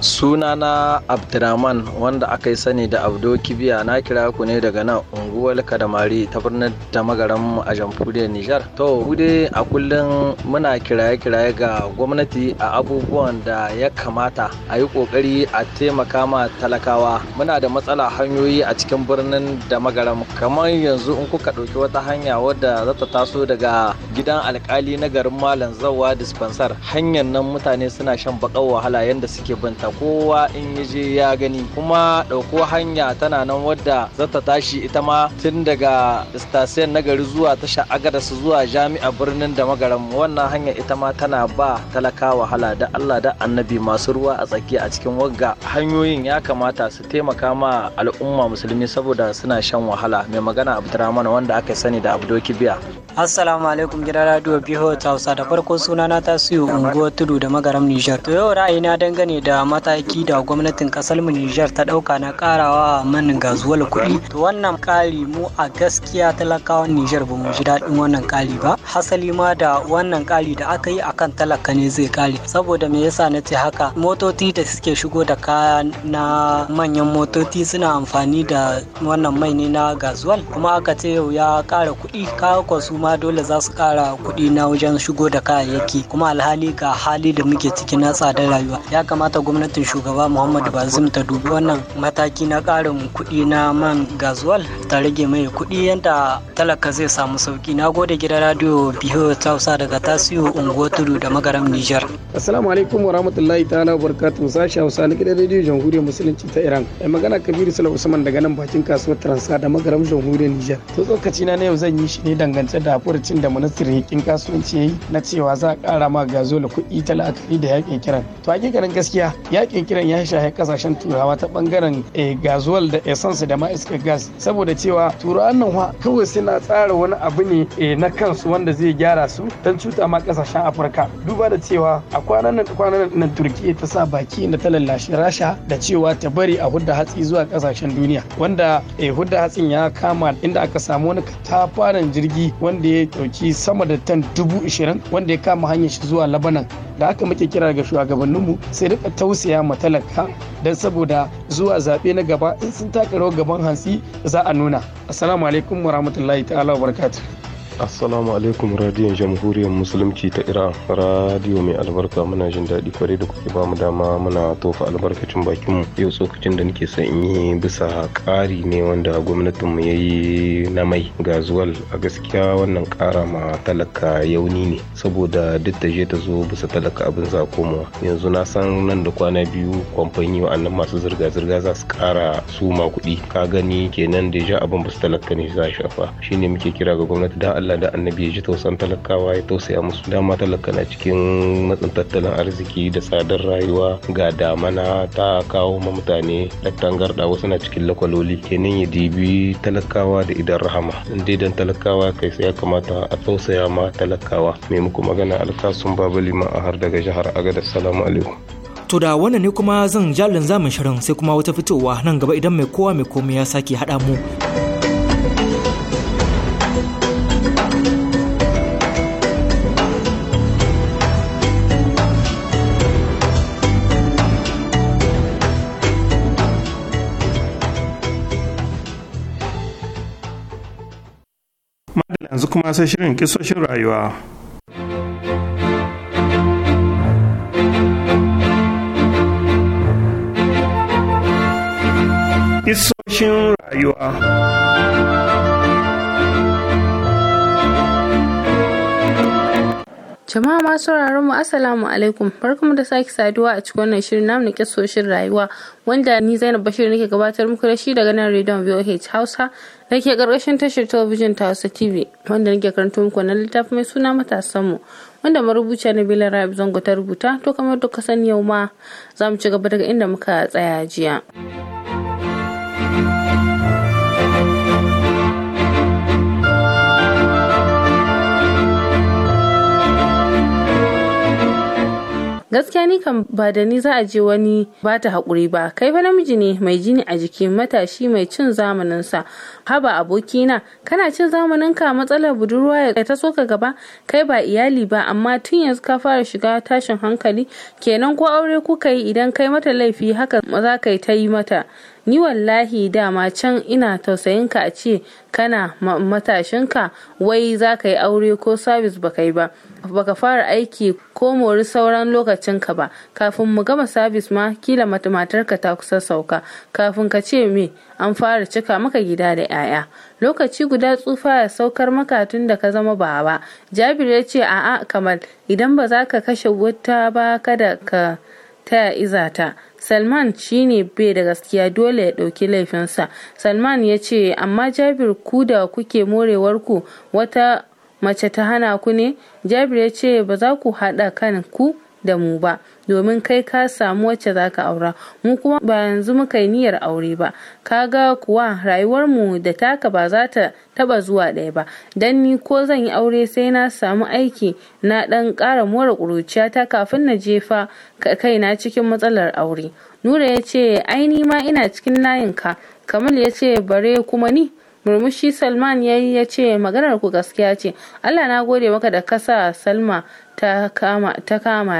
sunana abdurrahman wanda aka yi sani da abdo kibiya na kira ku ne daga nan unguwar kadamari ta birnin damagaram a jamhuriyar nijar to dai a kullum muna kiraye-kiraye ga gwamnati a abubuwan da ya kamata a yi kokari a taimaka ma talakawa muna da matsala hanyoyi a cikin birnin damagaram kamar yanzu in kuka ɗauki wata hanya wadda za ta taso daga gidan alkali na garin malam zawa dispensar hanyar nan mutane suna shan baƙar wahala yadda suke bin ta. kowa in ya je ya gani kuma ɗauko hanya tana nan wadda zata tashi ita ma tun daga istasiyan na gari zuwa tasha agadas zuwa jami'a birnin da magaram wannan hanya ita ma tana ba talaka wahala da allah da annabi masu ruwa a tsaki a cikin wagga hanyoyin ya kamata su taimaka ma al'umma musulmi saboda suna shan wahala mai magana abdurrahman wanda aka sani da abdoki biya Assalamu alaikum gidan radio biyu Hausa da farko sunana ta siyo unguwar tudu da magaram Nijar. To yau ra'ayina dangane da mataki da gwamnatin kasar mu Nijar ta dauka na karawa man gazuwar kuɗi. To wannan kali mu a gaskiya talakawan Nijar ba mu ji daɗin wannan kali ba. Hasali ma da wannan kali da aka yi akan talaka ne zai kali. Saboda me yasa na ce haka motoci da suke shigo da kaya na manyan motoci suna amfani da wannan mai ne na gazuwal kuma aka ce yau ya kara kuɗi kawo ma dole za su kara kuɗi na wajen shigo da kayayyaki kuma alhali ga hali da muke ciki na tsadar rayuwa ya kamata gwamnatin shugaba muhammadu bazum ta dubi wannan mataki na karin kuɗi na man gazuwal ta rage mai kuɗi yadda talaka zai samu sauki na gode gidan radio biyu hausa daga tasiyo unguwa da magaram nijar assalamu alaikum wa rahmatullahi ta'ala wa barakatun sashi hausa na gidan radio jamhuriyar musulunci ta iran mai magana kabiru sula usman daga nan bakin kasuwar transa da magaram jamhuriyar nijar to tsokaci na yau zan yi shi ne dangance da da furucin da ministan yakin kasuwanci ya na cewa za a kara ma gazo da kuɗi ta la'akari da yakin kiran to hakikanin gaskiya yakin kiran ya shahe kasashen turawa ta bangaren eh, gazuwal da essence da ma iska gas saboda cewa turawan nan kawai suna tsara wani abu ne eh, na kansu wanda zai gyara su don cuta ma kasashen afirka duba da cewa a kwanan nan kwanan nan turkiya ta sa baki na ta rasha da cewa ta bari a hudda hatsi zuwa kasashen duniya wanda eh, hudda hatsin ya kama inda aka samu wani katafaren jirgi wanda wanda ya ɗauki sama da tan dubu ishirin wanda ya kama hanyar shi zuwa labanan da aka muke kira ga shugabanninmu sai rika tausaya ma talaka don saboda zuwa zaɓe na gaba in sun taka rawar gaban hantsi za a nuna assalamu alaikum warahmatullahi ta'ala wa barakatuh assalamu alaikum radiyon jamhuriyar musulunci ta iran radiyo mai albarka muna jin daɗi kwarai da kuke ba mu dama muna tofa albarkacin bakin mu yau tsokacin da nake son yi bisa ƙari ne wanda gwamnatinmu ya yi na mai gazuwal a gaskiya wannan ƙara ma talaka yauni ne saboda duk ta je ta zo bisa talaka abin za komowa yanzu na san nan da kwana biyu kwamfani wa'annan masu zirga-zirga za su ƙara suma kuɗi ka gani kenan da ja abin basu talaka ne za shafa shine muke kira ga gwamnati da Allah Allah da annabi ya ji tausan talakawa ya tausaya musu dama talaka na cikin matsin tattalin arziki da tsadar rayuwa ga damana ta kawo ma mutane tangarda wasu na cikin lakwaloli kenan ya dibi talakawa da idan rahama inda dan talakawa kai sai ya kamata a tausaya ma talakawa me muku magana alkasun babu liman a har daga jihar agada salamu alaikum To da wannan ne kuma zan jalin zamin shirin sai kuma wata fitowa nan gaba idan mai kowa mai komai ya sake haɗa mu. yanzu kuma sai shirin kisoshin rayuwa. Kisoshin rayuwa. Jama'a ma sauraron mu Assalamu alaikum. Barkamu da sake saduwa a cikin wannan shirin namu na kisoshin rayuwa wanda ni Zainab Bashir nake gabatar muku da shi daga nan Radio VOH Hausa nake karkashin tashar talabijin ta Hausa TV wanda nake karanto muku na littafi mai suna matasan mu wanda marubuciya Nabila Rabi Zango ta rubuta to kamar ka sani yau ma za mu ci gaba daga inda muka tsaya jiya. gaskiya ni kan ba da ni za a je wani ba ta haƙuri ba kai fa namiji ne mai jini a jiki matashi mai cin zamanin sa haba abokina kana cin zamanin zamaninka matsalar budurwa ya ta so ka gaba kai ba iyali ba amma tun yanzu ka fara shiga tashin hankali kenan ko aure kuka yi idan kai mata laifi haka za ka yi ta yi mata ni wallahi dama can ina tausayin ka a ce kana matashinka wai za ka yi aure ko sabis ba kai ba baka fara aiki ko mori sauran lokacinka ba kafin mu gama sabis ma kila matarka ta kusa sauka kafin ka ce me an fara cika maka gida da 'ya'ya lokaci guda tsufa ya saukar maka tun da ka zama baba jabir ya ce a'a kamal idan ba za ka kashe wuta ba kada ka taya izata Salman shi ne bai da gaskiya dole ya ɗauki laifinsa. Salman ya ce, amma Jabir ku da kuke morewarku wata mace ta hana ku ne? Jabir ya ce, ba za ku haɗa kan ku da mu ba domin kai ka samu wacce zaka aura mu kuma ba yanzu muka yi niyyar aure ba ka ga kuwa rayuwar mu da taka ba za ta taba zuwa ɗaya ba dan ni ko zan yi aure sai na samu aiki na ɗan ƙara more ƙuruciyata kafin na jefa kaina cikin matsalar aure nura ya ce ai ni ma ina cikin layinka kamal ya ce bare kuma ni murmushi salman ya yi ya ce maganar ku gaskiya ce allah na gode maka da kasa salma ta kama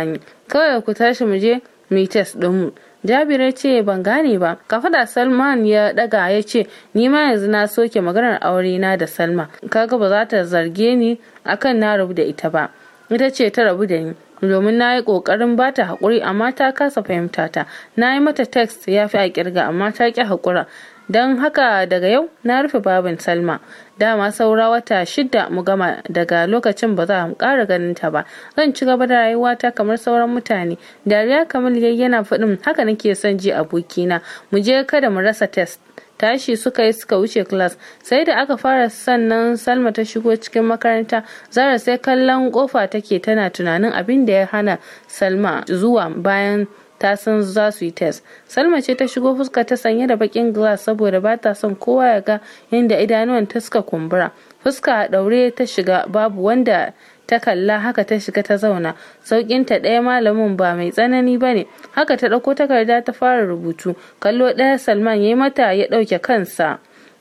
ni kawai ku tashi mu je mu test ɗinmu jabir ya ce ban gane ba kafada salman ya daga ya ce ni ma yanzu na soke maganar aure na da salma kaga ba za ta zarge ni akan na rabu da ita ba ita ce ta rabu da ni domin na yi kokarin ba ta haƙuri amma ta kasa fahimta ta na yi mata text ya fi a kirga amma ta ƙi haƙura don haka daga yau na rufe babin salma dama saura wata shida mu gama daga lokacin ba za mu ƙara ganin ta ba zan ci gaba da rayuwata kamar sauran mutane dariya kamar yayi yana faɗin haka nake son ji abokina mu je kada mu rasa test tashi suka yi suka wuce class sai da aka fara sannan salma ta shigo cikin makaranta zara sai kallon kofa take tana tunanin abin da ya hana salma zuwa bayan ta san za su yi test salma ce ta shigo fuska ta sanye da bakin glass saboda ba ta son kowa ya ga yadda idanuwan ta suka kumbura fuska a daure ta shiga babu wanda ta kalla haka ta shiga ta zauna ta ɗaya malamin ba mai tsanani ba ne haka ta ɗauko takarda ta fara rubutu kallo ɗaya salman ya yi mata ya ɗauke kansa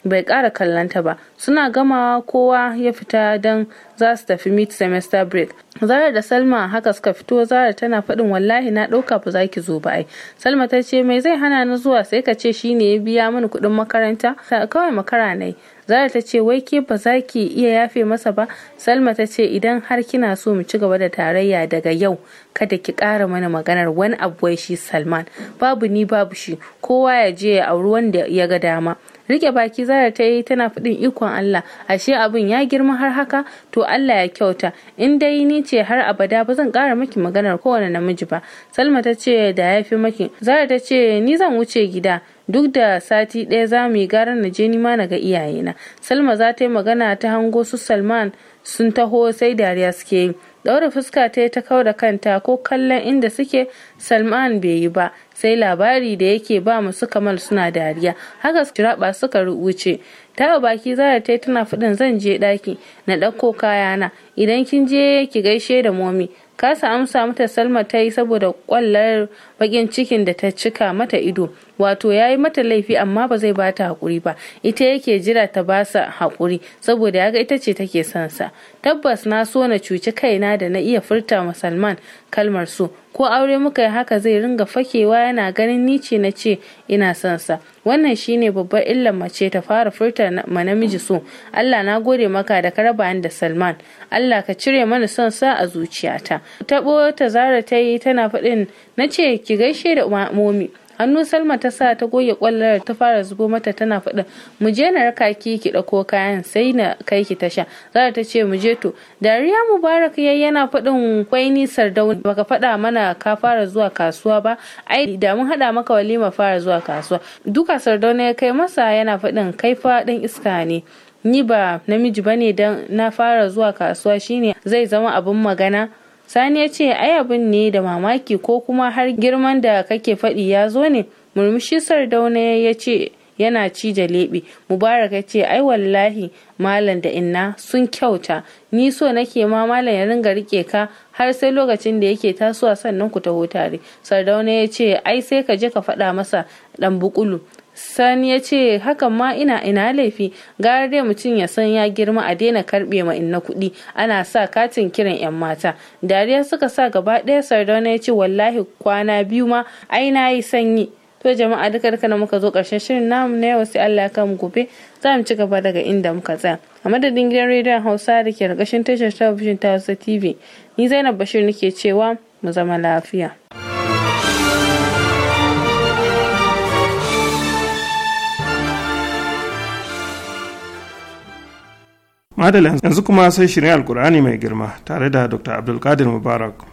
bai kara kallanta ba suna gamawa kowa ya fita don za su tafi mid semester break zara da salma haka suka fito zara tana faɗin wallahi na ɗauka ba za ki zo ba ai salma ta ce mai zai hana ni zuwa sai ka ce shine ya biya mini kuɗin makaranta kawai makara ne zara ta ce wai ke ba za ki iya yafe masa ba salma ta ce idan har kina so mu ci gaba da tarayya daga yau kada ki ƙara mana maganar wani abu wai shi salman babu ni babu shi kowa ya je ya auri wanda ya ga dama rike baki zara ta yi tana faɗin ikon Allah ashe abin ya girma har haka to Allah ya kyauta in dai ni ce har abada ba zan maki miki maganar kowane namiji ba Salma ta ce da ya fi maki zara ta ce ni zan wuce gida duk da sati ɗaya za mu yi gara na je nima na ga iyayena salma za ta yi magana ta hango su salman sun taho sai dariya suke yi ɗaura fuska ta yi ta kau da kanta ko kallon inda suke salman bai yi ba sai labari da yake ba masu kamal suna dariya haka shiraba suka rubuce ta baki zara ta tana fudin zan je daki na ɗauko kayana idan kin je ki gaishe da momi kasa amsa mata salma ta yi saboda kwallar bakin cikin da ta cika mata ido wato ya yi mata laifi amma ba zai bata hakuri ba ita yake jira ta basa hakuri saboda yaga ita ce take son tabbas na so na cuci kaina da na iya furta ma kalmar su, ko aure muka yi haka zai ringa fakewa yana ganin ni ce na ce ina son sa wannan shine babbar illar mace ta fara furta ma namiji so Allah na gode maka da ka raba da Salman Allah ka cire mana son sa a zuciyata tabo ta zara ta yi tana faɗin na ce ki gaishe da momi hannu salma ta sa ta goge kwallar ta fara zubo mata tana faɗa mu je na raka ki ki dauko kayan sai na kai ki tasha zara ta ce mu je to dariya mubarak yayi yana faɗin kwai ni, sardau baka faɗa mana ka fara zuwa kasuwa ba ai da mun haɗa maka walima fara zuwa kasuwa duka sardauna ya kai masa yana faɗin kai faɗin iska ne ni ba namiji bane dan na fara zuwa kasuwa shine zai zama abin magana sani ya ce ai abin ne da mamaki ko kuma har girman da kake faɗi ya zo ne murmushi sardauna ya ce yana ci da mubarak ya ce ai wallahi malam da inna sun kyauta ni so nake ma malam ya ringa rike ka har sai lokacin da yake tasowa sannan ku taho tare sardauna ya ce ai sai ka je ka faɗa masa dan bukulu Sani ya ce hakan ma ina ina laifi gara dai mutum ya san ya girma a daina karbe ma inna kuɗi ana sa katin kiran 'yan mata. Dariya suka sa gaba ɗaya sardauna ya ce wallahi kwana biyu ma ai na yi sanyi. To jama'a duka duka na muka zo ƙarshen shirin namu na yau sai Allah ya mu gobe za mu ci gaba daga inda muka tsaya. A madadin gidan rediyon Hausa da ke ƙarƙashin tashar talabijin ta Hausa TV ni Zainab Bashir nake cewa mu zama lafiya. madalla yanzu kuma sai shirin alkur'ani mai girma tare da dr abdulkadir mubarak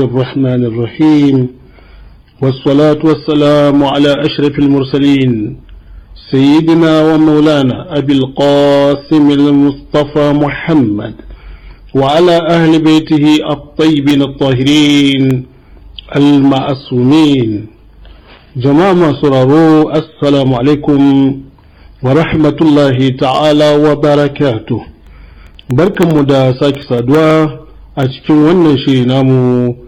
الرحمن الرحيم والصلاة والسلام على أشرف المرسلين سيدنا ومولانا أبي القاسم المصطفى محمد وعلى أهل بيته الطيبين الطاهرين المعصومين جماعة سرارو السلام عليكم ورحمة الله تعالى وبركاته بركم مدى sake saduwa a cikin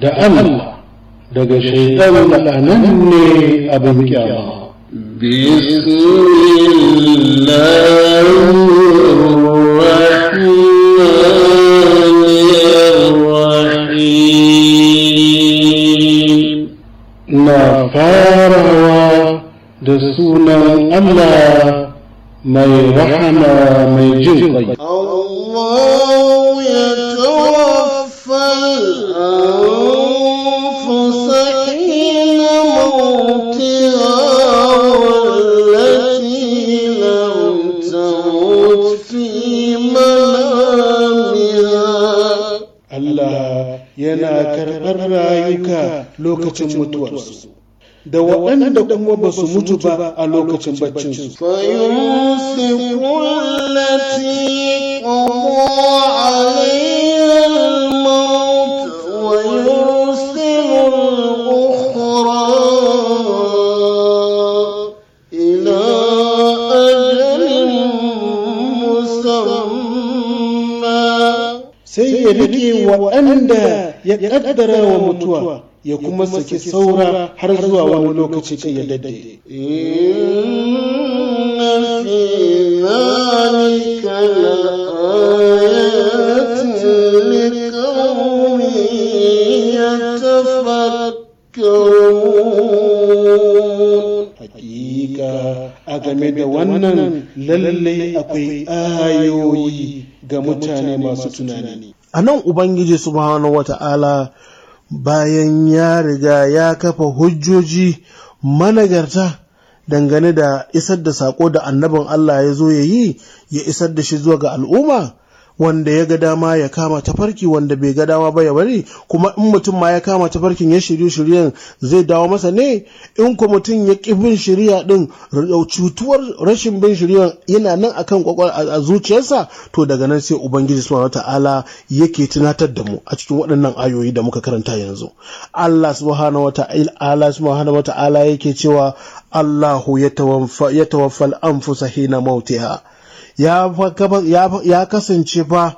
da Allah daga shaitan la'anan ne abin kyama. Bismillah فاروا دسونا الله ما يرحم الله lokacin mutuwarsu da waɗanda kuma ba su mutu ba a lokacin baccinsu. sai ya rike waɗanda ya ƙaddara wa mutuwa ya kuma saki saura har zuwa wani lokaci kai ya dade a game da wannan lalle akwai ayoyi ga mutane masu tunani. A nan Ubangiji Subhanahu wa ta'ala bayan ya riga ya kafa hujjoji managarta dangane da isar da sako da annabin Allah ya zo ya yi ya isar da shi zuwa ga al'umma wanda ya ga dama ya kama tafarki wanda bai ga dama ba ya bari kuma in mutum ma ya kama tafarkin ya shirye shiryen zai dawo masa ne in ko mutum ya ki bin shirya din cutuwar rashin bin shirya yana nan akan kwakwal a zuciyarsa to daga nan sai ubangiji subhanahu wata'ala yake tunatar da mu a cikin waɗannan ayoyi da muka karanta yanzu Allah subhanahu wata'ala subhanahu wata'ala yake cewa Allahu yatawaffa yatawaffal anfusa hina mautiha ya kasance fa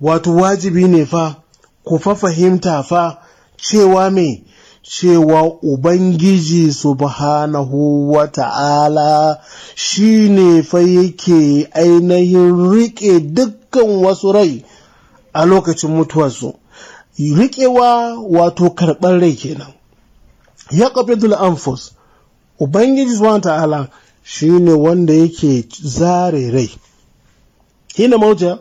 wato wajibi ne fa ku fa fahimta fa cewa me cewa Ubangiji subhanahu wa ta'ala shi ne fa yake ainihin riƙe dukkan wasu rai a lokacin mutuwarsu. Riƙewa wato karɓar rai kenan. Ya ƙafi anfus Ubangiji subhanahu wa ta'ala Shi ne wanda yake zare rai hina mauja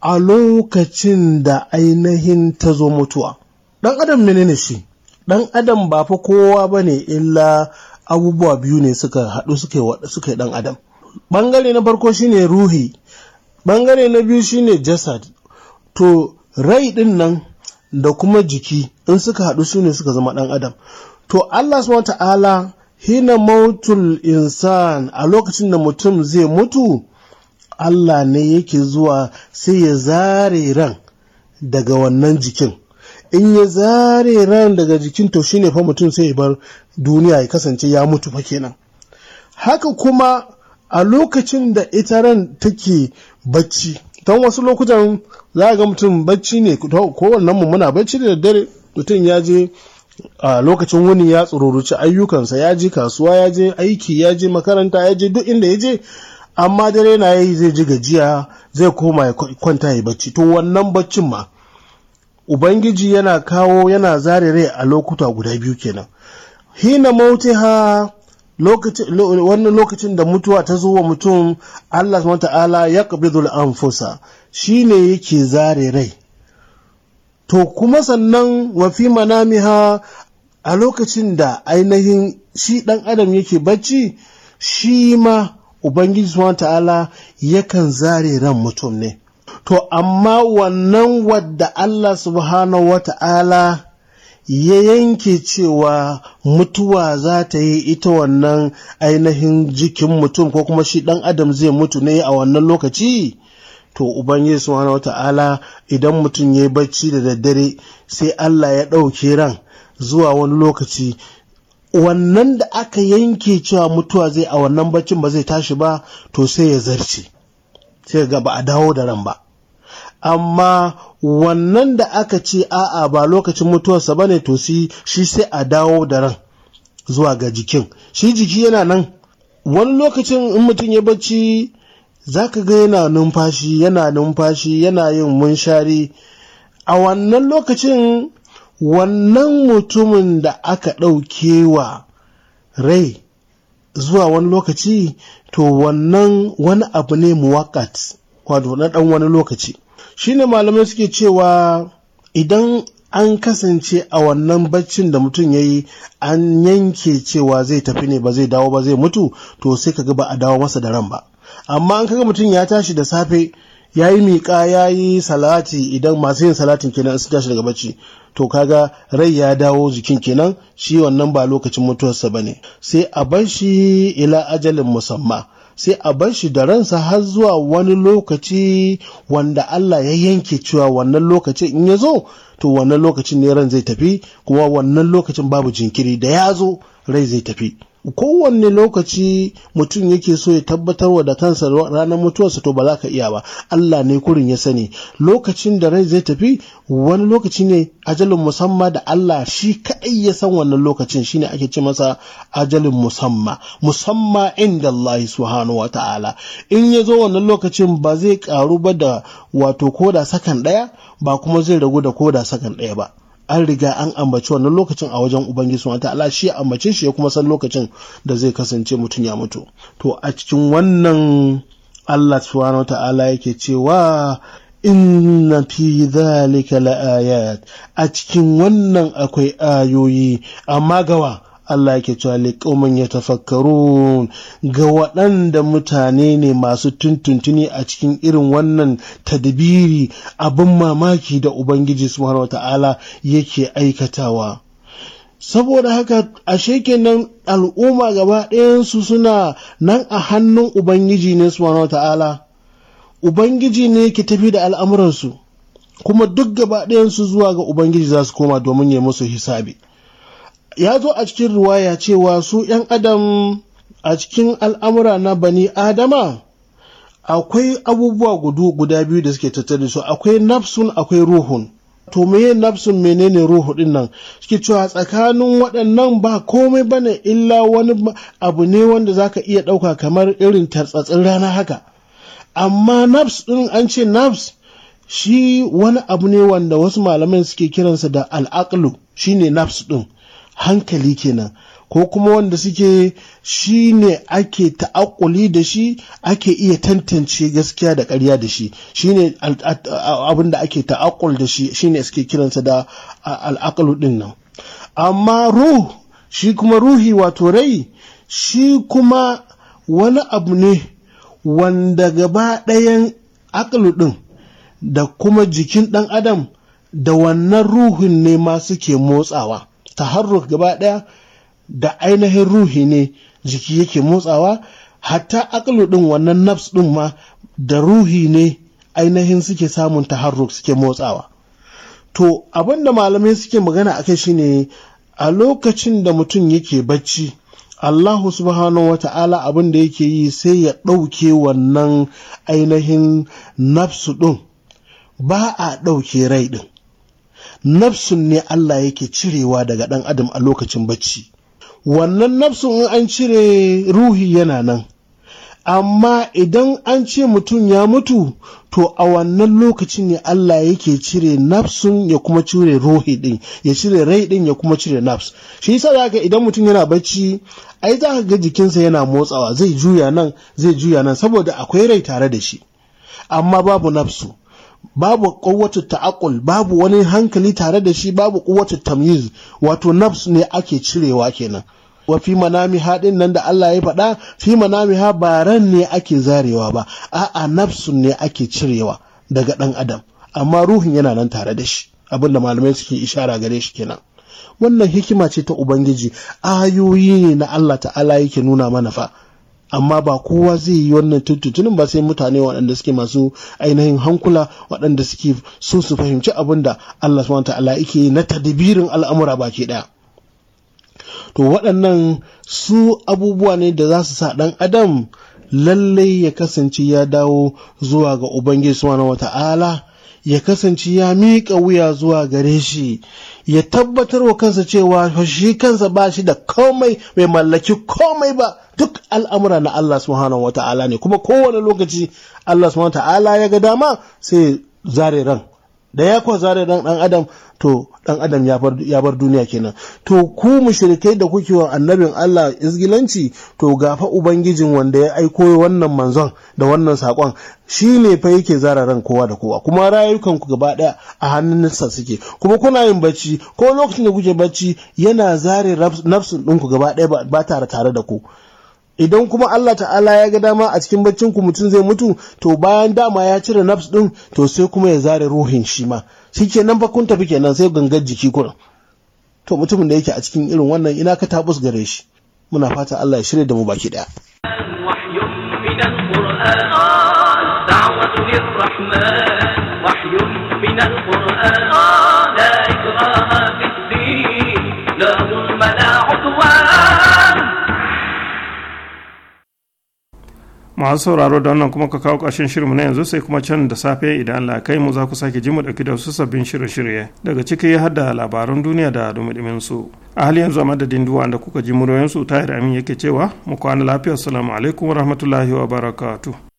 a lokacin da ainihin ta zo mutuwa ɗan adam menene shi ɗan adam ba fa kowa ba ne illa abubuwa biyu ne suka haɗu suka yi ɗan adam ɓangare na farko shi ne ruhi ɓangare na biyu shi ne jasad to rai ɗin nan da kuma jiki in suka haɗu su ne suka zama ɗan adam to allah subhanahu ta'ala hina mautul insan a lokacin da mutum zai mutu Allah ne yake zuwa sai ya zare ran daga wannan jikin in ya zare ran daga jikin to shine fa mutum sai ya bar duniya ya kasance ya mutu fa kenan haka kuma a lokacin da ita ran take bacci don wasu lokutan za ga mutum bacci ne ko wannan mu muna bacci da dare mutum ya je a lokacin wuni ya tsururuci ayyukansa ya je kasuwa ya je aiki ya je makaranta ya je duk inda ya je amma dare na yayi zai ji gajiya zai koma ya kwanta ya bacci to wannan baccin ma ubangiji yana kawo yana zare rai a lokuta guda biyu kenan hina ha wannan lokacin da mutuwa ta zo wa mutum Allah ta'ala ya qabidul anfusa shine yake zare rai to kuma sannan wafi manamiha a lokacin da ainihin shi ɗan adam yake bacci shi ma ubangiji suwan ta'ala yakan zare ran mutum ne to amma wannan wadda Allah subhanahu wa ta'ala ya yanke cewa mutuwa za ta yi ita wannan ainihin jikin mutum ko kuma shi ɗan adam zai mutu ne a wannan lokaci to ubangiji subhanahu wata'ala idan mutum ya yi bacci da daddare sai Allah ya ɗauke ran zuwa wani lokaci wannan da aka yanke cewa mutuwa zai a wannan baccin ba zai tashi ba to sai ya zarce sai ga ba a dawo da ran ba amma wannan da aka ce a'a ba lokacin mutuwarsa ba ne to shi sai a dawo da ran zuwa ga jikin shi jiki yana nan wani lokacin in mutum ya bacci za ka ga yana numfashi yana numfashi yana yin munshari a wannan lokacin wannan mutumin da aka ɗauke wa rai zuwa wani lokaci to wannan wani abu ne muwakat wato na ɗan wani lokaci shine malamai suke cewa idan an kasance a wannan baccin da mutum ya yi an yanke cewa zai tafi ne ba zai dawo ba zai mutu to sai ka ga ba a dawo masa da ran ba amma an kaga mutum ya tashi da safe ya yi miƙa ya yi salati idan masu yin salatin kenan sun tashi daga bacci to kaga rai ya dawo jikin kenan shi wannan ba lokacin mutuwarsa ba ne sai a bar shi ila ajalin musamma sai a bar shi da ransa har zuwa wani lokaci wanda Allah ya yanke cewa wannan lokacin in ya zo to wannan lokacin ne ran zai tafi kuma wannan lokacin babu jinkiri da ya zo rai zai tafi kowanne lokaci mutum yake so ya tabbatar wa da kansa ranar mutuwarsa to ba za ka iya ba Allah ne kurin ya sani lokacin da rai zai tafi wani lokaci ne ajalin musamma da Allah shi kaɗai ya san wannan lokacin shine ake ce masa ajalin musamma musamma inda Allah subhanahu wa ta'ala in ya zo wannan lokacin ba zai karu ba da wato koda sakan ɗaya ba kuma zai ragu da koda sakan ɗaya ba an riga an ambaci wannan lokacin a wajen ubangiji sun ta'ala shi ya ambace shi ya kuma san lokacin da zai kasance mutum ya mutu to a cikin wannan Allah subhanahu ta'ala yake cewa inna fi zalika laayat a cikin wannan akwai ayoyi amma gawa Allah yake cewa liqaumin yatafakkarun ga waɗanda mutane ne masu tuntuntuni a cikin irin wannan tadbiri abin mamaki da Ubangiji subhanahu ta'ala yake aikatawa saboda haka ashe kenan al'umma gaba ɗayansu suna nan a hannun Ubangiji ne subhanahu ta'ala. Ubangiji ne ke tafi da al'amuransu kuma duk gaba ɗayansu zuwa ga Ubangiji za su koma domin ya musu hisabi. ya zo a cikin ruwaya cewa su 'yan adam a cikin al'amura na bani adama akwai abubuwa gudu guda biyu da suke tattali su akwai nafsun akwai ruhun to meye nafsun menene ruhu din nan suke cewa tsakanin waɗannan ba komai bane illa wani abu ne wanda zaka iya ɗauka kamar irin tartsatsin rana haka amma nafs ɗin an ce nafs shi wani abu ne wanda wasu malaman suke kiransa da al'aqlu shine nafs ɗin. hankali kenan ko kuma wanda suke shi ne ake ta'akuli da shi ake iya tantance gaskiya da ƙarya da shi shi ne abin da ake ta'akul da shi shi ne suke kiransa da al'akalu ɗin nan amma ruh shi kuma ruhi wato rai shi kuma wani abu ne wanda gaba ɗayan akalu ɗin da kuma jikin ɗan adam da wannan ruhun ne ma suke motsawa taharruk gaba ɗaya da ainihin ruhi ne jiki yake motsawa hatta akalu ɗin wannan nafs ɗin ma da ruhi ne ainihin suke samun taharruk suke motsawa to abinda malamai suke magana akai shine a lokacin da mutum yake bacci Allahu subhanahu wa ta'ala abin da yake yi sai ya ɗauke wannan ainihin nafsu ɗin ba a ɗauke rai ɗin nafsun ne Allah yake cirewa daga ɗan adam a lokacin bacci wannan nafsun in an cire ruhi yana nan amma idan an ce mutum ya mutu to a wannan lokacin ne Allah yake cire nafsun ya kuma cire ruhi din ya cire rai din ya kuma cire nafs shi yasa zaka idan mutum yana bacci ai za ka ga jikinsa yana motsawa zai juya nan zai juya nan saboda akwai rai tare da shi amma babu nafsu babu kowace ta'akul babu wani hankali tare da shi babu kowace tamyiz wato nafs ne ake cirewa kenan wa fi manami haɗin nan da Allah ya faɗa fi manami ha ba ran ne ake zarewa ba a'a nafsun ne ake cirewa daga ɗan adam amma ruhin yana nan tare da shi abin da malamai suke ishara gare shi kenan wannan hikima ce ta ubangiji ayoyi ne na Allah ta'ala yake nuna mana fa amma ba kowa zai yi wannan tuntutunin ba sai mutane waɗanda suke masu ainihin hankula waɗanda suke so su fahimci abin da Allah subhanahu ta'ala yake na tadbirin al'amura baki ɗaya to waɗannan su abubuwa ne da za su sa ɗan adam lallai ya kasance ya dawo zuwa ga ubangiji subhanahu wata'ala ya kasance ya miƙa wuya zuwa gare shi ya tabbatar wa kansa cewa shi kansa ba shi da komai mai mallaki komai ba duk al'amura na Allah subhanahu wata'ala ne kuma kowane lokaci Allah subhanahu wata'ala ya ga dama sai zare ran da ya kwa zare dan adam to dan adam ya bar duniya kenan to ku mushrikai da kuke wa annabin Allah izgilanci to gafa ubangijin wanda ya aiko wannan manzon da wannan sakon shi ne fa yake zara ran kowa da kowa kuma rayukan ku gaba daya a hannunsa suke kuma kuna yin bacci ko lokacin da kuke bacci yana zare nafsin ɗinku gaba daya ba tare tare da ku idan kuma Allah ta'ala ya ga dama a cikin baccin ku mutum zai mutu to bayan dama ya cire nafs din to sai kuma ya zare ruhin shi ma shikenan fa kun tafi kenan sai gangar jiki kurin to mutumin da yake a cikin irin wannan ina ka tabus gare shi muna fata Allah ya shirya da mu baki daya masu sauraro da wannan kuma ka kawo ƙarshen shirinmu na yanzu sai kuma can da safe idan Allah kai mu za ku sake ji mu ɗauki da wasu sabbin shirye-shirye daga ciki har da labaran duniya da dumi su a hali yanzu a madadin duwa da kuka ji muryoyin su tayar amin yake cewa mu kwana lafiya assalamu alaikum warahmatullahi wabarakatuh